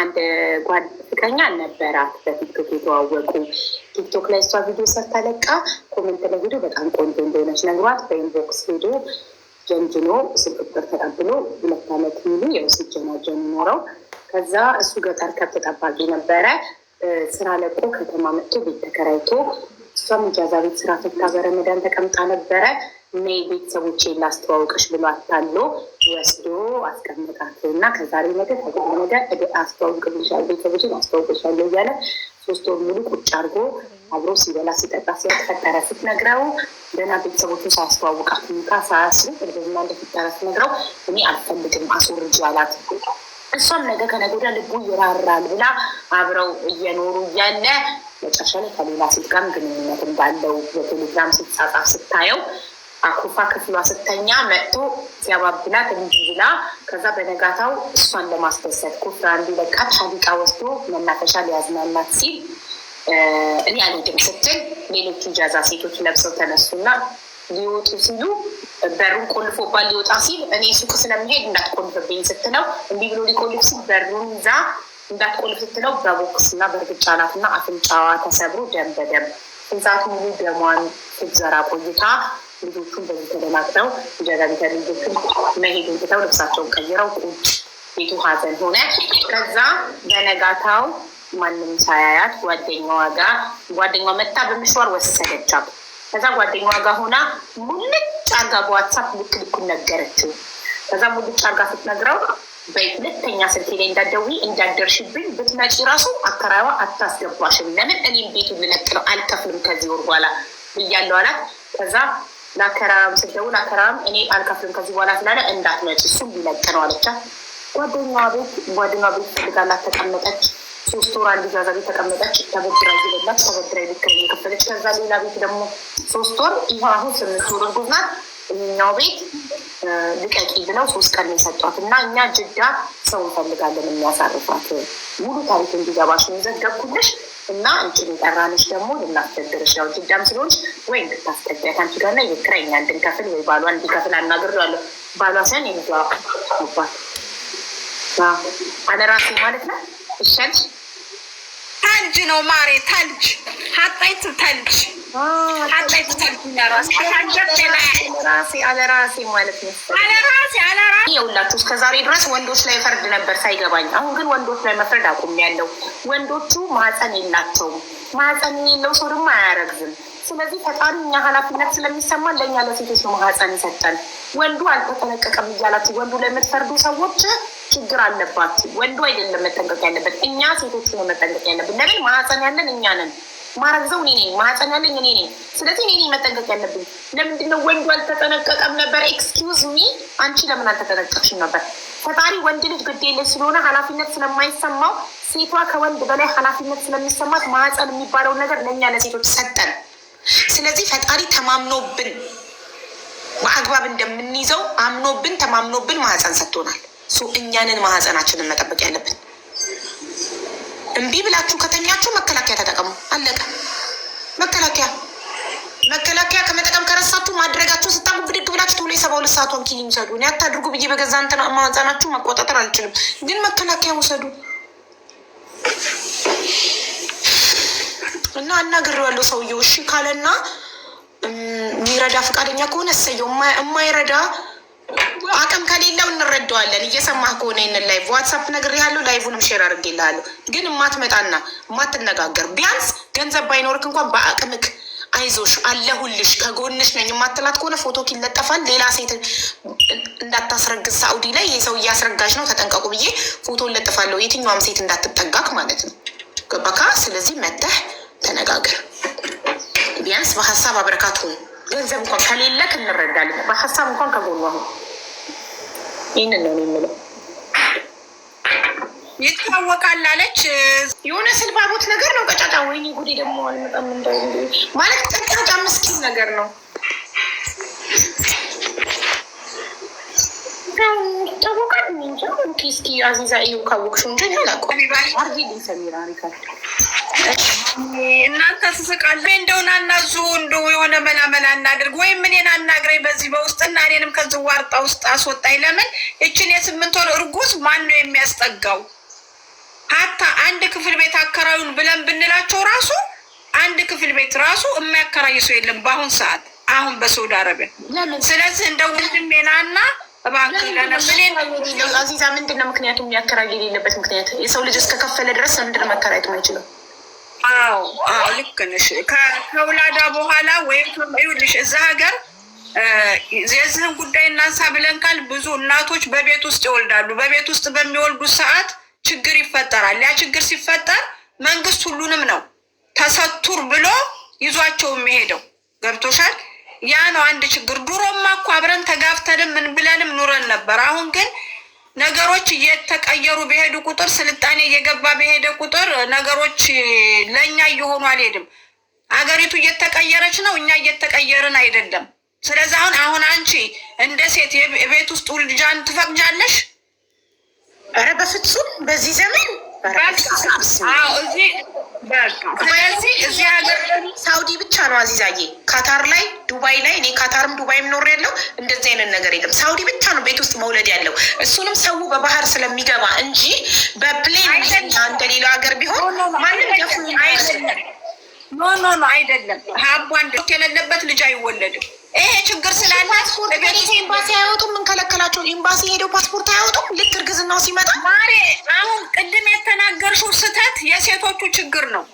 አንድ ጓድ ፍቅረኛ ነበራት በቲክቶክ የተዋወቁ። ቲክቶክ ላይ እሷ ቪዲዮ ሰርታ ለቃ ኮሜንት ላይ ሄዶ በጣም ቆንጆ እንደሆነች ነግሯት በኢንቦክስ ሄዶ ጀንጅኖ ስልክ ቁጥር ተቀብሎ ሁለት ዓመት ሙሉ ያው ሲጀናጀን ኖረው ከዛ እሱ ገጠር ከብት ጠባቂ ነበረ። ስራ ለቆ ከተማ መጥቶ ቤት ተከራይቶ እሷም እጃዛ ቤት ስራ ፈታ በረመዳን ተቀምጣ ነበረ ነይ ቤተሰቦቼ ላስተዋውቅሽ ብሎ አታሎ ወስዶ አስቀምጣት እና ከዛሬ ነገ ከዛሬ ነገ አስተዋውቅልሻለሁ ቤተሰቦቼን አስተዋውቅልሻለሁ እያለ ሶስት ወር ሙሉ ቁጭ አድርጎ አብሮ ሲበላ ሲጠጣ ሲያተፈጠረ ስትነግረው ገና ቤተሰቦቹ ሳያስተዋውቃት ሁኔታ ሳያስሩ እንደዚህና እንደፈጠረ ስትነግረው እኔ አልፈልግም አስወርጅ አላት። እሷም ነገ ከነገ ወዲያ ልቡ ይራራል ብላ አብረው እየኖሩ እያለ መጨረሻ ላይ ከሌላ ሴት ጋር ግንኙነት እንዳለው በቴሌግራም ስትጻጻፍ ስታየው አኩርፋ ክፍሏ ስተኛ መጥቶ ሲያባብላት እንዲህ ብላ ከዛ በነጋታው እሷን ለማስደሰት ኩፍራ እንዲለቃት ሻሊቃ ወስዶ መናፈሻ ሊያዝናናት ሲል እኔ አልሄድም ስትል ሌሎቹ ጃዛ ሴቶች ለብሰው ተነሱና ሊወጡ ሲሉ በሩን ቆልፎባት ሊወጣ ሲል እኔ ሱቅ ስለምሄድ እንዳትቆልፍብኝ ስትለው እምቢ ብሎ ሊቆልፍ ሲል በሩን ይዛ እንዳትቆልፍ ስትለው በቦክስ እና በእርግጫ ናትና አፍንጫዋ ተሰብሮ ደም በደም ህንጻቱ ሙሉ ደሟን ስትዘራ ቆይታ ልጆቹን በተደላቅለው ጀረንተ ልጆቹን መሄድ ትተው ልብሳቸውን ቀይረው ቁጭ ቤቱ ሀዘን ሆነ። ከዛ በነጋታው ማንም ሳያያት ጓደኛዋ ጋር ጓደኛዋ መታ በምሽዋር ወሰደቻት። ከዛ ጓደኛዋ ጋር ሆና ሙልጭ አርጋ በዋትሳፕ ልክ ልኩን ነገረችው። ከዛ ሙልጭ አርጋ ስትነግረው በሁለተኛ ስልኬ ላይ እንዳደዊ እንዳደርሽብኝ ብትመጪ ራሱ አከራዋ አታስገባሽም። ለምን እኔም ቤቱን ልለቅ ነው አልከፍልም ከዚህ ወር በኋላ ብያለሁ አላት። ከዛ ለአከራም ስደውል አከራም እኔ አልከፍልም ከዚህ በኋላ ስላለ እንዳትመጭ እሱም ሊለቅ ነው አለቻት። ጓደኛ ቤት ጓደኛ ቤት ፈልጋላት ተቀመጠች። ሶስት ወር አንድ ዛዛ ቤት ተቀመጠች። ተበድራ ይበላች ተበድራ ይልክል የከፈለች። ከዛ ሌላ ቤት ደግሞ ሶስት ወር ይህ አሁን ስምንት ወር ጉዝናት እኛው ቤት ልቀቂ ብለው ሶስት ቀን የሰጧት እና እኛ ጅዳ ሰው እንፈልጋለን የሚያሳርፋት ሙሉ ታሪክ እንዲገባሽ ነው የዘገብኩልሽ። እና አንቺን የጠራንሽ ደግሞ ልናስቸግርሽ ነው። ጅዳም ስለሆንሽ ወይ እንድታስጠጃት አንቺ ጋር ና የክረኛ እንድንከፍል ወይ ባሏ እንዲከፍል አናግሬዋለሁ። ባሏ ሳይሆን የሚባባት አለራሴ ማለት ነው። እሸልሽ ተልጅ ነው ማሬ፣ ተልጅ ሀጣይት ተልጅ ይኸውላችሁ እስከ ዛሬ ድረስ ወንዶች ላይ ፈርድ ነበር ሳይገባኝ። አሁን ግን ወንዶች ላይ መፍረድ አቁሜያለሁ። ወንዶቹ ማህፀን የላቸውም። ማህፀን የሌለው ሰው ደግሞ አያረግዝም። ስለዚህ ፈጣሪ እኛ ኃላፊነት ስለሚሰማን ለእኛ ለሴቶች ማህፀን ይሰጠን። ወንዱ አልተጠነቀቀም እያላችሁ ወንዱ ላይ የምትፈርዱ ሰዎች ችግር አለባችሁ። ወንዱ አይደለም መጠንቀቅ ያለበት፣ እኛ ሴቶቹ ነው መጠንቀቅ ያለብን። ለምን ማህፀን ያለን እኛ ነን። ማረግዘው እኔ ነኝ፣ ማጸነልኝ እኔ ነኝ። ስለዚህ እኔ መጠንቀቅ ያለብኝ ለምንድነው ወንዱ አልተጠነቀቀም ነበር። ኤክስኪውዝ ሚ፣ አንቺ ለምን አልተጠነቀቅሽም ነበር? ፈጣሪ ወንድ ልጅ ግድ የለሽ ስለሆነ ኃላፊነት ስለማይሰማው ሴቷ ከወንድ በላይ ኃላፊነት ስለሚሰማት ማህፀን የሚባለውን ነገር ለእኛ ለሴቶች ሰጠን። ስለዚህ ፈጣሪ ተማምኖብን በአግባብ እንደምንይዘው አምኖብን ተማምኖብን ማህፀን ሰጥቶናል። እኛንን ማህፀናችንን መጠበቅ ያለብን እምቢ ብላችሁ ከተኛችሁ መከላከያ ተጠቀሙ። አለቀ። መከላከያ መከላከያ ከመጠቀም ከረሳችሁ ማድረጋችሁ ስታቁ ብድግ ብላችሁ ቶሎ የሰባ ሁለት ሰዓት ወንኪ ይውሰዱ። እኔ አታድርጉ ብዬ በገዛ እንትን ማህፀናችሁ መቆጣጠር አልችልም፣ ግን መከላከያ ውሰዱ እና አናግሬዋለሁ ሰውየው እሺ ካለና የሚረዳ ፈቃደኛ ከሆነ እሰየው። የማይረዳ አቅም ከሌለው እንረዳዋለን። እየሰማህ ከሆነ ይህንን ላይቭ ዋትሳፕ ነግሬሃለሁ። ላይቭንም ሼር አድርጌልሃለሁ። ግን እማትመጣና እማትነጋገር ቢያንስ ገንዘብ ባይኖርክ እንኳን በአቅምክ አይዞሽ አለሁልሽ ከጎንሽ ነኝ የማትላት ከሆነ ፎቶ ይለጠፋል። ሌላ ሴት እንዳታስረግዝ ሳኡዲ ላይ ይህ ሰው እያስረጋሽ ነው ተጠንቀቁ ብዬ ፎቶ እለጥፋለሁ። የትኛውም ሴት እንዳትጠጋክ ማለት ነው። ገባካ? ስለዚህ መተህ ተነጋገር። ቢያንስ በሀሳብ አበረካት ሁን። ገንዘብ እንኳን ከሌለ እንረዳለን። በሀሳብ እንኳን ከጎኑ ነው። ይህንን ነው የምለው። ይታወቃል አለች። የሆነ ስልባቦት ነገር ነው። ቀጫጫ ወይኔ ጉዴ ደግሞ አልመጣም። እንደ ማለት ቀጫጫ ምስኪን ነገር ነው። እስኪ እናንተ ትስቃለ። እንደውን አናዙ እንደ የሆነ መላመላ እናድርግ ወይም እኔን አናግረኝ በዚህ በውስጥ እና እኔንም ከዚህ ዋርጣ ውስጥ አስወጣኝ። ለምን እችን የስምንት ወር እርጉዝ ማን ነው የሚያስጠጋው? ሀታ አንድ ክፍል ቤት አከራዩን ብለን ብንላቸው ራሱ አንድ ክፍል ቤት ራሱ የሚያከራይ ሰው የለም በአሁን ሰዓት አሁን በሳውዲ አረቢያ። ስለዚህ እንደ ወንድሜ ና እና አዚዛ ምንድን ነው የሚያከራይ የሌለበት ምክንያት የሰው ልጅ እስከከፈለ ድረስ ምንድን መከራየት አዎ ልክ ነሽ። በኋላ ወይም ይኸውልሽ እዛ ሀገር የዚህን ጉዳይ እናንሳ ብለን ካል ብዙ እናቶች በቤት ውስጥ ይወልዳሉ። በቤት ውስጥ በሚወልዱ ሰዓት ችግር ይፈጠራል። ያ ችግር ሲፈጠር መንግስት ሁሉንም ነው ተሰቱር ብሎ ይዟቸው የሚሄደው ገብቶሻል። ያ ነው አንድ ችግር። ድሮማ እኮ አብረን ተጋብተንም ምን ብለንም ኑረን ነበር። አሁን ግን ነገሮች እየተቀየሩ በሄዱ ቁጥር ስልጣኔ እየገባ በሄደ ቁጥር ነገሮች ለእኛ እየሆኑ አልሄድም። አገሪቱ እየተቀየረች ነው፣ እኛ እየተቀየርን አይደለም። ስለዚህ አሁን አሁን አንቺ እንደ ሴት የቤት ውስጥ ውልጃን ትፈቅጃለሽ? ኧረ በፍጹም በዚህ ዘመን ስለዚህ እዚህ ሀገር ሳውዲ ብቻ ነው አዚዛዬ፣ ካታር ላይ ዱባይ ላይ እኔ ካታርም ዱባይም ኖር ያለው እንደዚህ አይነት ነገር የለም። ሳውዲ ብቻ ነው ቤት ውስጥ መውለድ ያለው። እሱንም ሰው በባህር ስለሚገባ እንጂ በፕሌን እንደሌላው ሀገር ቢሆን ማንም ደፉ አይደለም። ኖ ኖ ኖ አይደለም። ሀቡ አንድ የሌለበት ልጅ አይወለድም። ይሄ ችግር ስላለ ፓስፖርት ኤምባሲ አያወጡም። ምን ከለከላቸው? ኤምባሲ ሄደው ፓስፖርት አያወጡም። ልክ እርግዝናው ሲመጣ ማሬ፣ አሁን ቅድም የተናገርሽው ስህተት የሴቶቹ ችግር ነው።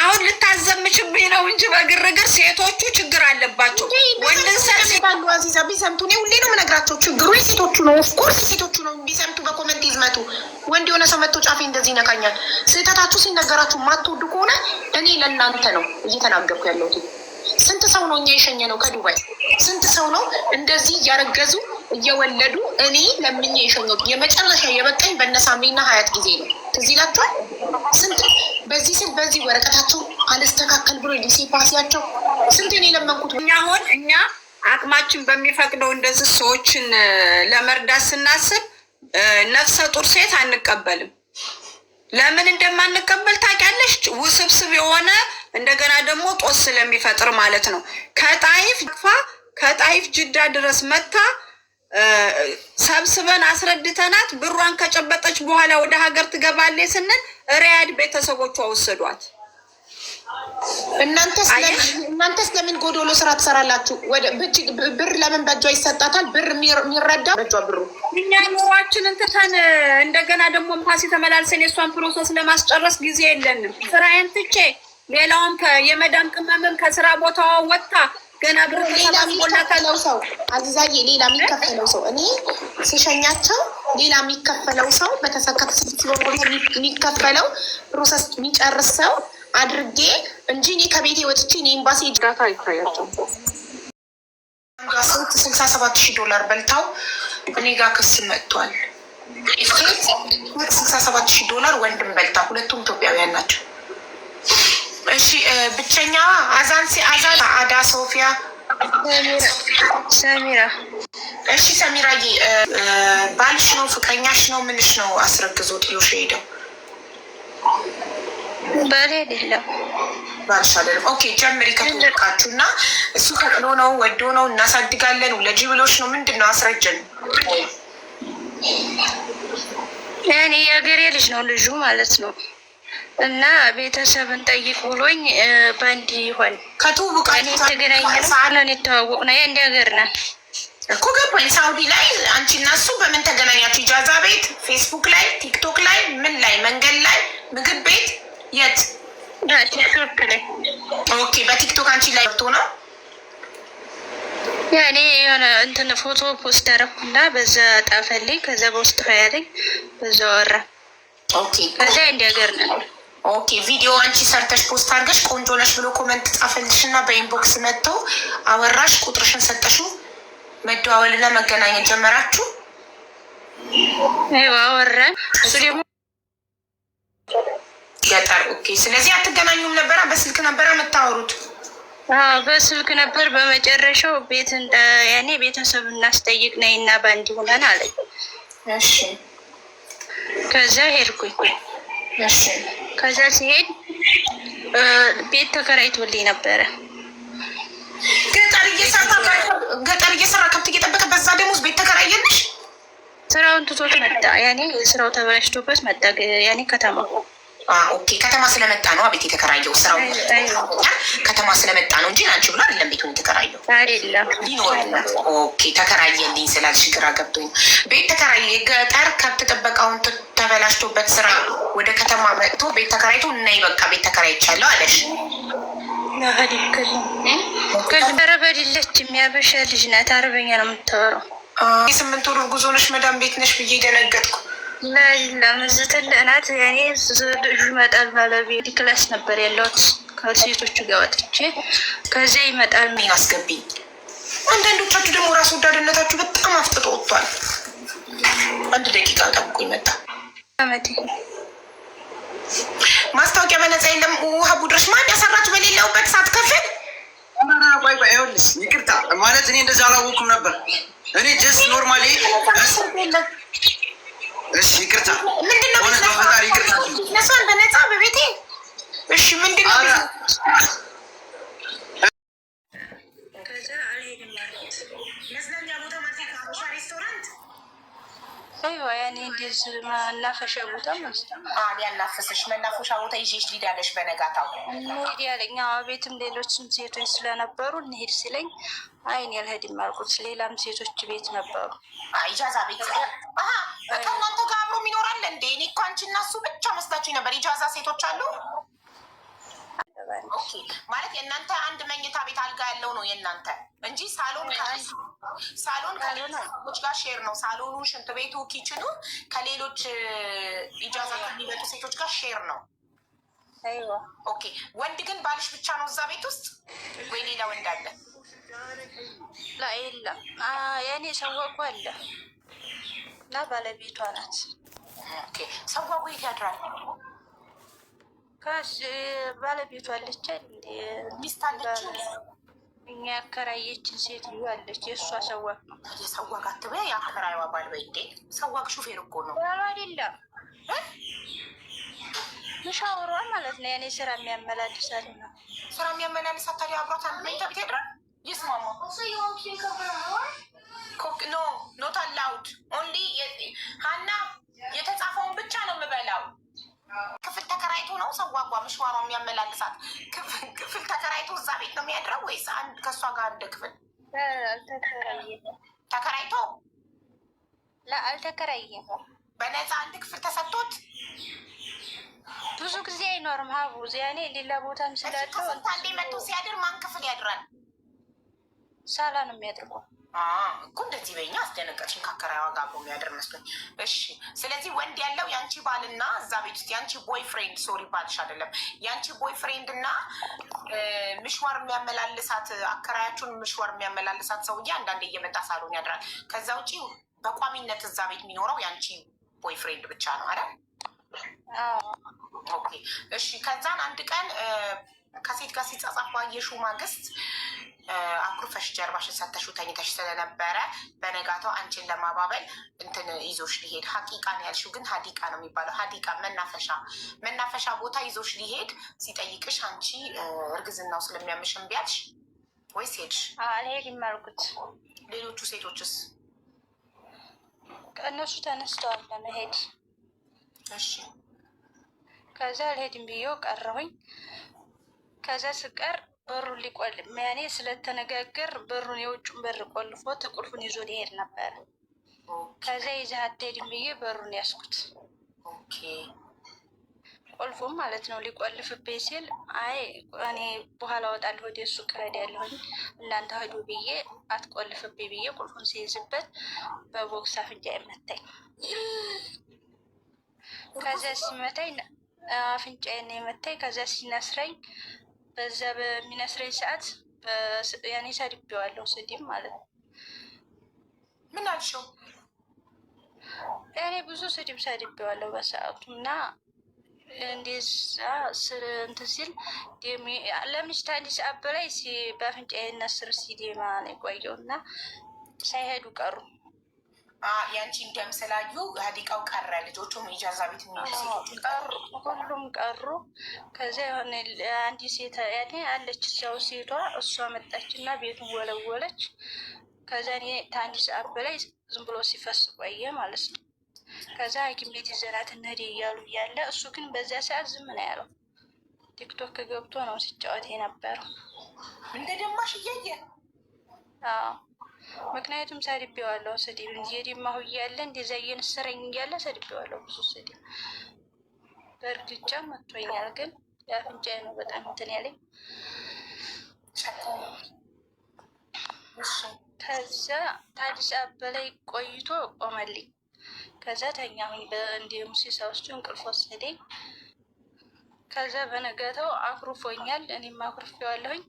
አሁን ልታዘምችብኝ ነው እንጂ በግርግር ሴቶቹ ችግር አለባቸው። ወንድን ቢሰምቱ እኔ ሁሌ ነው የምነግራቸው፣ ችግሩ የሴቶቹ ነው። ኦፍኮርስ ሴቶቹ ነው። ቢሰምቱ በኮመንት ይዝመቱ። ወንድ የሆነ ሰው መቶ ጫፌ እንደዚህ ይነካኛል። ስህተታችሁ ሲነገራችሁ ማትወዱ ከሆነ እኔ ለእናንተ ነው እየተናገርኩ ያለሁት። ስንት ሰው ነው እኛ የሸኘ ነው ከዱባይ ስንት ሰው ነው እንደዚህ እያረገዙ እየወለዱ እኔ ለምኜ የሸኘሁት የመጨረሻ የበቃኝ በነሳምሪና ሀያት ጊዜ ነው። ትዝ ይላችኋል። ስንት በዚህ ስል በዚህ ወረቀታቸው አልስተካከል ብሎ ሊሴ ፓሲያቸው ስንት እኔ ለመንኩት። እኛ አሁን እኛ አቅማችን በሚፈቅደው እንደዚህ ሰዎችን ለመርዳት ስናስብ ነፍሰ ጡር ሴት አንቀበልም። ለምን እንደማንቀበል ታውቂያለሽ? ውስብስብ የሆነ እንደገና ደግሞ ጦስ ስለሚፈጥር ማለት ነው። ከጣይፍ ፋ ከጣይፍ ጅዳ ድረስ መታ ሰብስበን አስረድተናት ብሯን ከጨበጠች በኋላ ወደ ሀገር ትገባለች ስንል ሪያድ ቤተሰቦቿ ወሰዷት። እናንተስ ለምን ጎዶሎ ስራ ትሰራላችሁ? ብር ለምን በእጇ ይሰጣታል? ብር የሚረዳ እኛ ኑሯችን እንትተን እንደገና ደግሞ ፓሲ ተመላልሰን የእሷን ፕሮሰስ ለማስጨረስ ጊዜ የለንም። ስራዬን ትቼ ሌላውም የመዳም ቅመምም ከስራ ቦታዋ ወጥታ ገና ብር ሌላ የሚከፈለው ሰው አዚዛዬ፣ ሌላ የሚከፈለው ሰው እኔ ስሸኛቸው ሌላ የሚከፈለው ሰው በተሰከፍ የሚከፈለው ፕሮሰስ የሚጨርስ ሰው አድርጌ እንጂ እኔ ከቤቴ ወጥቼ እኔ ኤምባሲ ዳታ ይታያቸው ስልሳ ሰባት ሺህ ዶላር በልታው እኔ ጋር ክስ መጥቷል። ስልሳ ሰባት ሺህ ዶላር ወንድም በልታ፣ ሁለቱም ኢትዮጵያውያን ናቸው። እሺ ብቸኛ አዛን አዛን አዳ ሶፊያ ሰሚራ እሺ ሰሚራዬ ባልሽ ነው ፍቅረኛሽ ነው ምንሽ ነው አስረግዞ ጥሎሽ ሄደው ባሌ አይደለም ባልሽ አይደለም ኦኬ ጀምሪ ከተወቃችሁ እና እሱ ፈቅዶ ነው ወዶ ነው እናሳድጋለን ውለጂ ብሎሽ ነው ምንድን ነው አስረጀን እኔ የሀገሬ ልጅ ነው ልጁ ማለት ነው እና ቤተሰብን ጠይቅ ብሎኝ በእንዲህ ይሆን የተዋወቅ ነው እንዲ ሀገር ነን እኮ ገባኝ። ሳውዲ ላይ አንቺ እና እሱ በምን ተገናኛችሁ? ኢጃዛ ቤት፣ ፌስቡክ ላይ፣ ቲክቶክ ላይ፣ ምን ላይ፣ መንገድ ላይ፣ ምግብ ቤት፣ የት? ቲክቶክ ላይ። ኦኬ። በቲክቶክ አንቺ ላይ ርቶ ነው ያኔ የሆነ እንትን ፎቶ ፖስት አደረኩና በዛ ጣፈልኝ። ከዛ በውስጥ ሀያለኝ በዛ ወራ ኦኬ። ከዛ እንዲ ሀገር ነው ኦኬ ቪዲዮ አንቺ ሰርተሽ ፖስት አድርገሽ ቆንጆ ነሽ ብሎ ኮመንት ጻፈልሽ እና በኢንቦክስ መጥተው አወራሽ፣ ቁጥርሽን ሰጠሹ፣ እና መገናኘት ጀመራችሁ። አወራን እሱ ደግሞ ገጠር። ኦኬ ስለዚህ አትገናኙም ነበራ? በስልክ ነበራ የምታወሩት? በስልክ ነበር። በመጨረሻው ቤት ያኔ ቤተሰብ እናስጠይቅ ነይ እና ባንድ ሆነን አለኝ። እሺ ከዛ ሄድኩኝ። እሺ ከዛ ሲሄድ ቤት ተከራይቶልኝ ነበረ። ገጠር እየሰራ ከብት እየጠበቀ በዛ ደሞዝ ቤት ተከራየልሽ? ስራውን ትቶት መጣ። ያኔ ስራው ተበላሽቶበት መጣ። ያኔ ከተማ ኦኬ ከተማ ስለመጣ ነው ቤት የተከራየው። ስራው ከተማ ስለመጣ ነው እንጂ አንቺ ብሎ አይደለም ቤቱን የተከራየው። ኦኬ ተከራየልኝ ስላልሽ ግራ ገብቶኝ ቤት ተከራየ። ገጠር ከብት ጥበቃውን ተበላሽቶበት ስራ ወደ ከተማ መጥቶ ቤት ተከራይቶ እናይ በቃ ቤት ተከራይቻለሁ አለሽ። ረበድለች የሚያበሻ ልጅ ናት። አረበኛ ነው የምታወራው። የስምንት ወር ጉዞ ነሽ መዳም ቤት ነሽ ብዬ ደነገጥኩ። ለምዝትን እናት ያኔ ልጁ ይመጣል ባለቤት ክላስ ነበር ያለሁት ከሴቶቹ ጋር ወጥቼ ከዚያ ይመጣል ሚ አስገብኝ። አንዳንዶቻችሁ ደግሞ ራስ ወዳድነታችሁ በጣም አፍጥጦ ወጥቷል። አንድ ደቂቃ ጠብቁ ይመጣ ማስታወቂያ በነፃ የለም። ውሃ ቡድረሽ ማን ያሰራች በሌለውበት ሳትከፍል ይቅርታ ማለት እኔ እንደዚህ አላወኩም ነበር እኔ ጀስት ኖርማሊ እሺ ይቅርታ፣ እነሷን በነፃ በቤቴ። እሺ ምንድን ነው መናፈሻ ቦታ ያናፈሰሽ? መናፈሻ ቦታ ይዤሽ ልሂድ አለሽ በነጋታው እንሂድ ያለኝ። ቤትም ሌሎችም ሴቶች ስለነበሩ እንሂድ ሲለኝ አይ እኔ አልሄድም አልኩት። ሌላም ሴቶች ቤት ነበሩ ኢጃዛ ቤት ከእናንተ ጋር አብሮ ይኖራል እንዴ? እኔ እኮ አንቺ እና እሱ ብቻ መስላችሁኝ ነበር። ኢጃዛ ሴቶች አሉ ማለት የእናንተ አንድ መኝታ ቤት አልጋ ያለው ነው የእናንተ እንጂ ሳሎን ሳሎን ከሌሎች ጋር ሼር ነው። ሳሎኑ፣ ሽንት ቤቱ፣ ኪችኑ ከሌሎች ኢጃዛ ከሚመጡ ሴቶች ጋር ሼር ነው። ኦኬ ወንድ ግን ባልሽ ብቻ ነው እዛ ቤት ውስጥ ወይ ሌላ ወንድ አለ? የለም የእኔ ሰዋጉ አለ እና ባለቤቷ ናት። ሰዋጉ የት ያድራል? ባለቤቷ አለች፣ ሚስት እኛ ያከራየችን ሴትዮ አለች። የእሷ ሰዋግ ነው። የሰዋግ አትበይ፣ ያከራይዋ ባል በይ። እንዴ ሰዋግ ሹፌር እኮ ነው። ባሏ አይደለም ምሻውሯ ማለት ነው። የእኔ ስራ የሚያመላልሳት ነው። ስራ የሚያመላልሳት ታዲያ አብሯት አንድ ቤት ያድራል ይስማማ። ኖ ኖት አላውድ ኦንሊ ሀና የተጻፈውን ብቻ ነው የምበላው። ክፍል ተከራይቶ ነው ሰዋጓ ምሽዋሯ የሚያመላልሳት ክፍል ተከራይቶ እዛ ቤት ነው የሚያድረው ወይስ አንድ ከእሷ ጋር አንድ ክፍል ተከራይቶ አልተከራየም። በነፃ አንድ ክፍል ተሰጥቶት ብዙ ጊዜ አይኖርም። ሀቡ ያኔ ሌላ ቦታም ስላለው አንዴ መቶ ሲያድር ማን ክፍል ያድራል? ሳላ ነው የሚያደርገው እኮ እንደዚህ በኛ አስደነቀችኝ። ከአከራዋ ዋጋ አብሮ የሚያደር መስሎኝ። እሺ፣ ስለዚህ ወንድ ያለው የአንቺ ባልና እዛ ቤት ውስጥ የአንቺ ቦይ ፍሬንድ፣ ሶሪ ባልሽ አይደለም የአንቺ ቦይ ፍሬንድ እና ምሽዋር የሚያመላልሳት አከራያችሁን ምሽዋር የሚያመላልሳት ሰውዬ አንዳንዴ እየመጣ ሳሎን ያድራል። ከዛ ውጪ በቋሚነት እዛ ቤት የሚኖረው የአንቺ ቦይ ፍሬንድ ብቻ ነው አይደል? ኦኬ፣ እሺ። ከዛን አንድ ቀን ከሴት ጋር ሲጻጻፍ ባየሽው ማግስት አኩርፈሽ ጀርባሽን ሰተሽው ተኝተሽ ስለነበረ በነጋታው አንቺን ለማባበል እንትን ይዞሽ ሊሄድ ሀቂቃ ነው ያልሽው፣ ግን ሀዲቃ ነው የሚባለው። ሀዲቃ መናፈሻ መናፈሻ ቦታ ይዞሽ ሊሄድ ሲጠይቅሽ አንቺ እርግዝናው ስለሚያምሽ እምቢ አልሽ ወይስ ሄድሽ? አልሄድም አልኩት። ሌሎቹ ሴቶችስ? እነሱ ተነስተዋል ለመሄድ። እሺ፣ ከዛ አልሄድም ብዬው ቀረሁኝ። ከዛ ስቀር በሩ ሊቆል ያኔ ስለተነጋገር በሩን የውጭን በር ቆልፎ ቁልፉን ይዞ ሊሄድ ነበረ። ከዛ ይዘህ አትሄድም ብዬ በሩን ያስኩት ቁልፉም ማለት ነው። ሊቆልፍብኝ ሲል አይ እኔ በኋላ እወጣለሁ ወደ እሱ ክረድ ያለሁኝ እናንተ ሂዱ ብዬ አትቆልፍብኝ ብዬ ቁልፉን ሲይዝበት በቦክስ አፍንጫ የመታኝ። ከዚያ ሲመታኝ አፍንጫዬን የመታኝ ከዚያ ሲነስረኝ በዛ በሚነስረኝ ሰዓት ያኔ ሰድቤዋለሁ። ስድብ ማለት ነው። ምን አልሽው? ያኔ ብዙ ስድብ ሰድቤዋለሁ በሰዓቱ እና እንደዛ ስር እንትን ሲል ለምሽት አንድ ሰዓት በላይ በአፍንጫ የነስር ሲዴማ ነው የቆየው እና ሳይሄዱ ቀሩ። ያንቺን ደም ስላዩ ሀዲቃው ቀረ። ልጆቹም ኢጃዛ ቤት ሁሉም ቀሩ። ከዚያ የሆነ አንድ ሴት ያኔ አለች እዛው ሴቷ እሷ መጣችና ቤቱ ወለወለች። ከዛ እኔ ከአንድ ሰዓት በላይ ዝም ብሎ ሲፈስ ቆየ ማለት ነው። ከዛ ሐኪም ቤት ይዘናት እንሂድ እያሉ እያለ እሱ ግን በዚያ ሰዓት ዝም ነው ያለው። ቲክቶክ ገብቶ ነው ሲጫወት የነበረው እንደ ደማሽ እያየ ምክንያቱም ሰድቤዋለሁ። ስድብ እየደማሁ እያለ እንደዚያ እየነሰረኝ እያለ ሰድቤዋለሁ። ብዙ ስድብ በእርግጫ መቶኛል፣ ግን የአፍንጫ ነው በጣም እንትን ያለኝ። ከዛ ታዲስ አበላይ ቆይቶ ቆመልኝ። ከዛ ተኛሁኝ። እንዲሁም ሲሳውስቱ እንቅልፍ ወሰደኝ። ከዛ በነጋታው አኩርፎኛል፣ እኔም አኩርፌዋለሁኝ።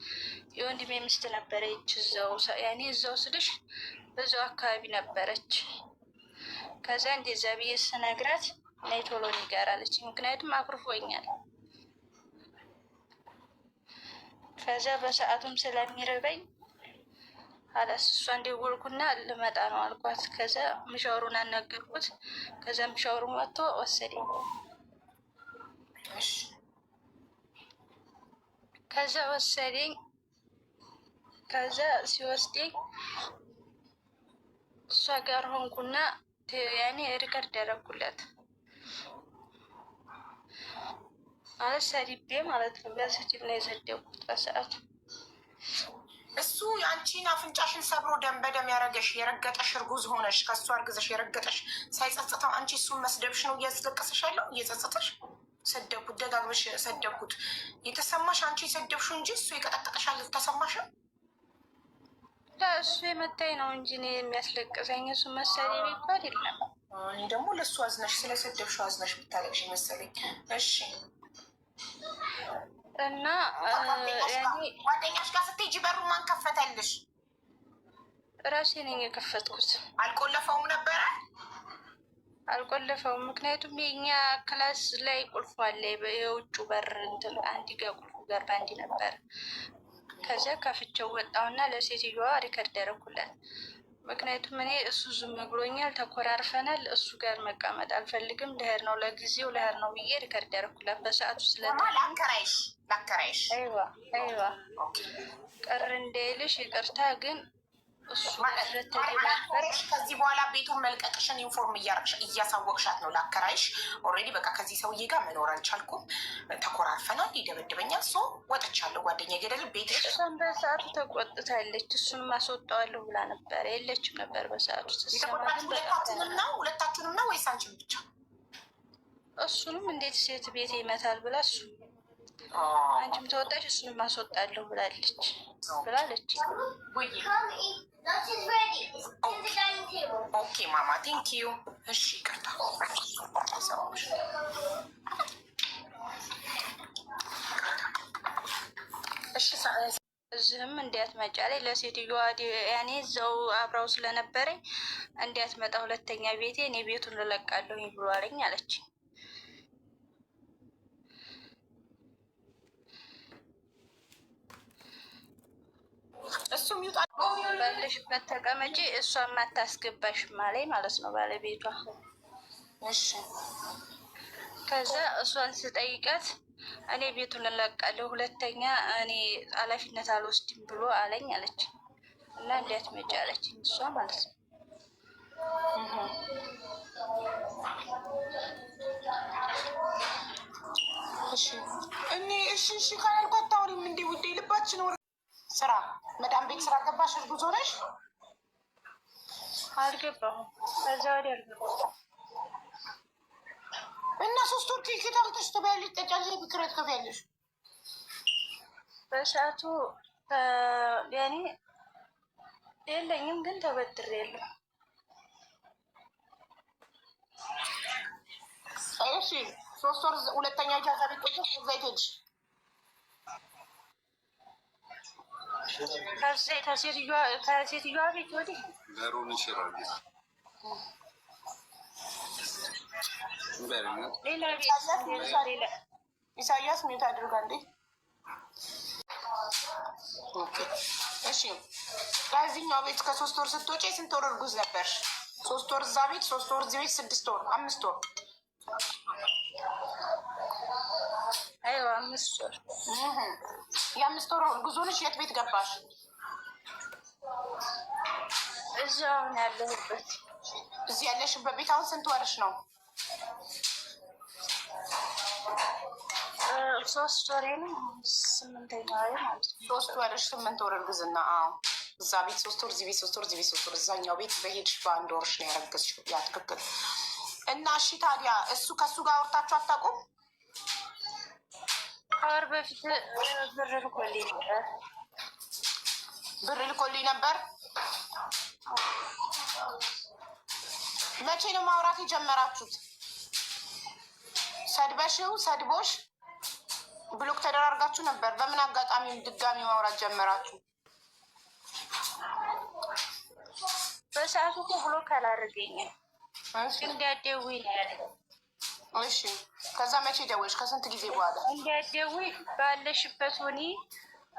የወንድሜ ሚስት ነበረች እዛው ያኔ እዛው ስልሽ በዛው አካባቢ ነበረች። ከዛ እንደዛ ብዬ ስነግራት ነይ ቶሎ ንገራለች፣ ምክንያቱም አኩርፎኛል። ከዛ በሰዓቱም ስለሚርበኝ አላስ እሷ እንዲወልኩና ልመጣ ነው አልኳት። ከዛ ምሻወሩን አናገርኩት። ከዛ ምሻወሩ ወጥቶ ወሰደኝ። ከዛ ወሰደኝ። ከዛ ሲወስደኝ እሷ ጋር ሆንኩና ያኔ ሪከርድ ደረጉለት ማለት ሰድቤ ማለት ነው። በስድብ ነው የሰደኩት በሰዓቱ። እሱ አንቺን አፍንጫሽን ሰብሮ ደም በደም ያረገሽ የረገጠሽ እርጉዝ ሆነሽ ከእሱ አርግዘሽ የረገጠሽ ሳይጸጽተው አንቺ እሱን መስደብሽ ነው እያስለቀሰሽ ያለው እየጸጽተሽ ሰደብኩት፣ ደጋግመሽ ሰደብኩት። የተሰማሽ አንቺ የሰደብሹ እንጂ እሱ የቀጠቀጠሻል ተሰማሽ? እሱ የመታኝ ነው እንጂ እኔ የሚያስለቅሰኝ እሱ መሰለኝ የሚባል የለም። እኔ ደግሞ ለእሱ አዝነሽ ስለሰደብሹ አዝነሽ ብታለቅሽ መሰለኝ። እሺ እና ጓደኛሽ ጋር ስትሄጂ በሩ ማን ከፈተልሽ? ራሴ ነኝ የከፈትኩት። አልቆለፈውም ነበረ አልቆለፈውም። ምክንያቱም የኛ ክላስ ላይ ቁልፉ አለ። የውጭ በር እንትን አንድ ጋ ቁልፉ ጋር አንድ ነበር። ከዚያ ከፍቼው ወጣሁና ለሴትዮዋ ሪከርድ ያደረኩላት። ምክንያቱም እኔ እሱ ዝም ብሎኛል፣ ተኮራርፈናል። እሱ ጋር መቀመጥ አልፈልግም፣ ልሄድ ነው፣ ለጊዜው ልሄድ ነው ብዬ ሪከርድ ያደረኩላት በሰዓቱ ስለ ላንከራይሽ ላንከራይሽ አይዋ አይዋ ቅር እንደልሽ ይቅርታ ግን ከዚህ በኋላ ቤቱን መልቀቅሽን ኢንፎርም እያሳወቅሻት ነው ለአከራይሽ። ኦልሬዲ በቃ ከዚህ ሰውዬ ጋር መኖር አልቻልኩም፣ ተኮራርፈናል፣ ይደበድበኛል፣ ሶ ወጥቻለሁ። ጓደኛ ገደል ቤት እሷን በሰዓቱ ተቆጥታለች። እሱን ማስወጣዋለሁ ብላ ነበር የለችም ነበር በሰዓቱ ሁለታችንም ነው ሁለታችንም ነው ወይስ አንቺን ብቻ? እሱንም እንዴት ሴት ቤት ይመታል ብላ እሱ አንቺም ተወጣች እሱንም ማስወጣለሁ ብላለች ብላለች ኦኬ ማማ ቴንክ ዩ። እሺ ይቅርታ። እዚህም እንዲያትመጪ አለኝ ለሴትዮዋ ያኔ እዛው አብራው ስለነበረኝ መጣ ሁለተኛ ቤቴ እኔ ቤቱን ልለቃለሁኝ ብሎ አለችኝ። ባለሽበት ተቀመጪ፣ እሷ ማታስገባሽ ማለኝ ማለት ነው ባለቤቷ። ከዛ እሷን ስጠይቃት እኔ ቤቱን እለቃለሁ፣ ሁለተኛ እኔ ኃላፊነት አልወስድም ብሎ አለኝ አለች እና እንዴት መጪ አለች እሷ ማለት ነው። እኔ እሺ እሺ ካላልኳት አታወሪም እንዴ ውዴ ልባችን ስራ መዳም ቤት ስራ ገባሽ? እርጉዝ ነሽ? አልገባሁም። ከዛ ወዲ አልገባሁም እና ሶስት ወር ኪኪታ ምጥሽ ትበያለሽ፣ ትጠጫለሽ፣ ብክረት ትከፍያለሽ። በሰዓቱ ያኔ የለኝም ግን ተበድር የለም። እሺ ሶስት ወር ሁለተኛ ጃዛ ቤት ቆይተሽ እዛ ከሴትዮዋ ቤት ወዲህ ሌላ ቤት ኢሳያስ ሜት አድርጋ እንዴ እሺ ከዚህኛው ቤት ከሶስት ወር ስትወጪ ስንት ወር እርጉዝ ነበር? ሶስት ወር እዛ ቤት፣ ሶስት ወር እዚህ ቤት፣ ስድስት ወር፣ አምስት ወር የአምስት ወር ጉዞ ነሽ። የት ቤት ገባሽ? እዛው ነው ያለሁበት። እዚህ ያለሽበት ቤት አሁን ስንት ወርሽ ነው? ሶስት ወሬ ነው። ስምንተኛ ወሬ ማለት ነው። ሶስት ወርሽ ስምንት ወር እርግዝና። አዎ እዛ ቤት ሶስት ወር፣ እዚህ ቤት ሶስት ወር፣ እዚህ ቤት ሶስት ወር። እዛኛው ቤት በሄድሽ በአንድ ወርሽ ነው ያረገዝሽው። ያ ትክክል። እና እሺ ታዲያ እሱ ከእሱ ጋር አውርታችሁ አታውቁም? ከወር በፊት ብር ልኮልኝ ነበር ብር ልኮልኝ ነበር። መቼ ነው ማውራት የጀመራችሁት? ሰድበሽው ሰድቦሽ ብሎክ ተደራርጋችሁ ነበር። በምን አጋጣሚ ድጋሚ ማውራት ጀመራችሁ? በሰዓቱ ብሎክ አላደረገኝም እንዲያደዊ ነው ያለ እሺ ከዛ መቼ ደወልሽ? ከስንት ጊዜ በኋላ እንዳትደውይ ባለሽበት ሁኒ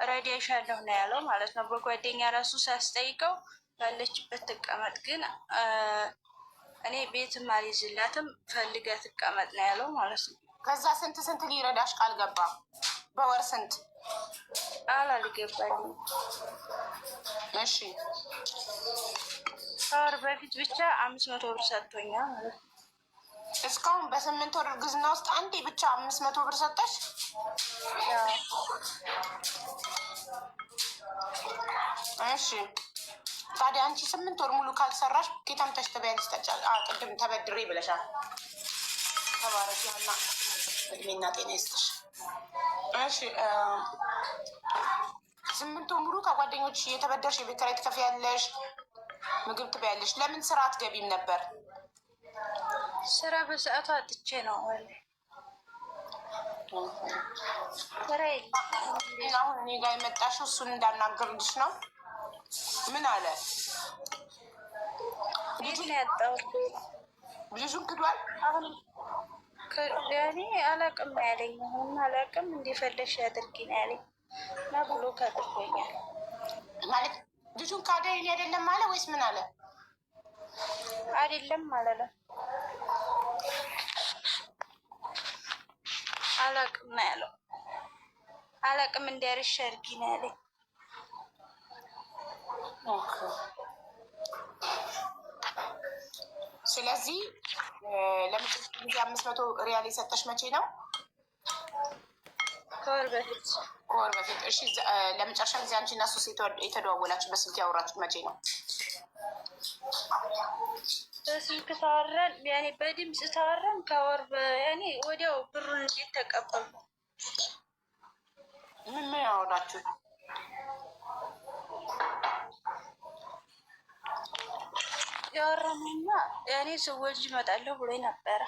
ረዳሻለሁ ነው ያለው ማለት ነው። በጓደኛ ራሱ ሳያስጠይቀው ባለችበት ትቀመጥ፣ ግን እኔ ቤትም አልይዝላትም ፈልገ ትቀመጥ ነው ያለው ማለት ነው። ከዛ ስንት ስንት ሊረዳሽ ቃል ገባ? በወር ስንት ቃል እሺ ከወር በፊት ብቻ አምስት መቶ ብር ሰጥቶኛል ማለት ነው። እስካሁን በስምንት ወር እርግዝና ውስጥ አንዴ ብቻ አምስት መቶ ብር ሰጠሽ። እሺ ታዲያ አንቺ ስምንት ወር ሙሉ ካልሰራሽ ጌታምተሽ ተበያለሽ። ቅድም ተበድሬ ብለሻል። ተባረኪ እና እድሜና ጤና ይስጥሽ። እሺ ስምንት ወር ሙሉ ከጓደኞች እየተበደርሽ የቤት ኪራይ ትከፍያለሽ፣ ምግብ ትበያለሽ። ለምን ስራ አትገቢም ነበር? ስራ በሰዓቱ አጥቼ ነው አሁን እኔ ጋር የመጣሽው። እሱን እንዳናገርልሽ ነው። ምን አለ ልጁን ክዷል። እኔ አላቅም ያለኝ አሁን አላቅም እንዲፈለሽ ያድርጊ ነው ያለኝ እና ብሎ ካድርጎኛል ማለት ልጁን ካደ አይደለም አለ ወይስ ምን አለ? አይደለም አላለም አላቅም ነው ያለው። አላቅም እንዲያርሽ አድርጊ ነው ያለኝ። ስለዚህ ለመጨረሻ ጊዜ አምስት መቶ ሪያል የሰጠሽ መቼ ነው? ከወር በፊት ከወር በፊት። እሺ ለመጨረሻ ጊዜ አንቺ እና እሱ የተደዋወላችሁ በስልክ ያወራችሁት መቼ ነው? በስልክ ታወራን፣ ያኔ በድምፅ ታወራን። ካወር ያኔ ወዲያው ብሩን እንዴት ተቀበሉ? ምን ነው ያወራችሁ? ያወራንና ያኔ ሰዎች ይመጣለሁ ብሎ ነበረ።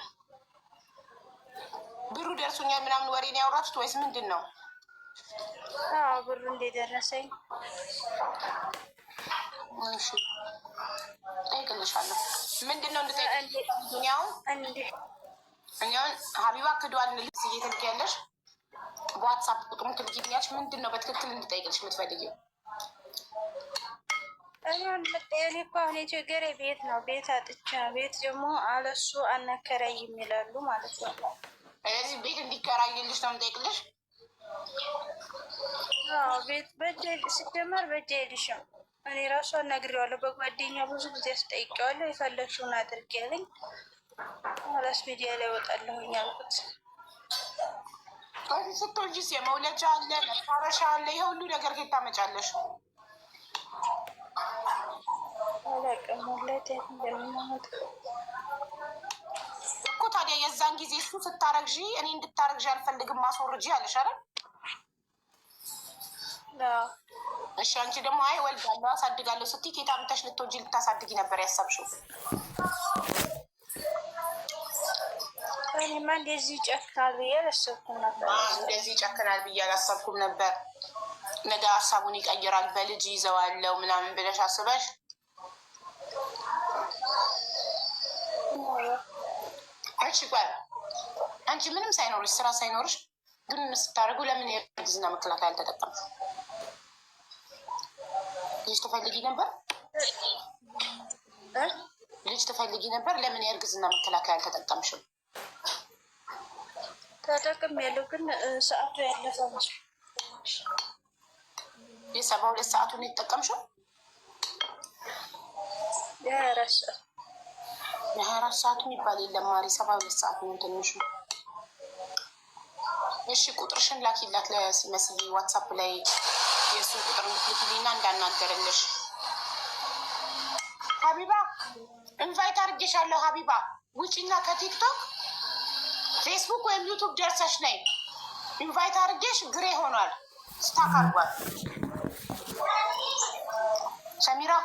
ብሩ ደርሶኛል ምናምን ወሬ ነው ያወራችሁት ወይስ ምንድን ነው? ብሩ እንደደረሰኝ ጠይቅልሻለሁ። ምንድን ነው እኛውን ሀቢባ ክዷል ልብስ እየተልክ ያለሽ በዋትሳፕ ቁጥሩን ትልጊኛች ምንድን ነው በትክክል እንድጠይቅልሽ የምትፈልጊው? እኔን እኮ አሁን የቸገረ ቤት ነው። ቤት አጥቻ ቤት ደግሞ አለሱ አናከራይም ይላሉ ማለት ነው። ስለዚህ ቤት እንዲከራይልሽ ነው የምጠይቅልሽ። ቤት በእጅ ሲጀመር በእጅ አይልሻም። እኔ ራሱ አናግሬዋለሁ። በጓደኛ ብዙ ጊዜ አስጠይቄዋለሁ። የፈለግሽውን አድርግ ያለኝ ራስ ሚዲያ ላይ ወጣለሁኝ አልኩት። ከዚህ ስትወልጂስ የመውለጃ አለ፣ መታረሻ አለ፣ ይህ ነገር ከየት ታመጫለሽ? አላውቅም ወላሂ እንደምናመጣ እኮ። ታዲያ የዛን ጊዜ እሱ ስታረግዢ እኔ እንድታረግዢ አልፈልግም ማስወርጂ አለሽ አይደል? እሺ አንቺ ደግሞ አይ ወልዳለሁ አሳድጋለሁ ስትይ ኬታ ምተሽ ልትወልጂ ልታሳድጊ ነበር ያሰብሽው? እኔማ እንደዚህ ይጨክናል ብዬ አላሰብኩም ነበር። እንደዚህ ይጨክናል ብዬ አላሰብኩም ነበር። ነገ ሀሳቡን ይቀይራል፣ በልጅ ይዘዋለው ምናምን ብለሽ አስበሽ አንቺ ቆይ አንቺ ምንም ሳይኖርሽ ስራ ሳይኖርሽ ግን ስታደርጉ ለምን የእርግዝና መከላከያ አልተጠቀምሽም? ልጅ ትፈልጊ ነበር? ልጅ ትፈልጊ ነበር? ለምን የእርግዝና መከላከያ አልተጠቀምሽም? ተጠቅም ያለው ግን ሰዓቱ ያለፈ የሰባ ሁለት ሰዓቱን የተጠቀምሽው የሀያ አራት ሰዓት የሀያ አራት ሰዓቱ የሚባል የለም ማሪ፣ ሰባ ሁለት ሰዓት ነው ትንሹ። እሺ ቁጥርሽን ላኪላት ለመስዬ ዋትሳፕ ላይ የእሱን ቁጥር ምትልክልኝና እንዳናገርልሽ ሀቢባ ኢንቫይት አድርጌሻለሁ። ሀቢባ ውጭና ከቲክቶክ ፌስቡክ ወይም ዩቱብ ደርሰሽ ነይ። ኢንቫይት አድርጌሽ ግሬ ሆኗል። ሰሚራ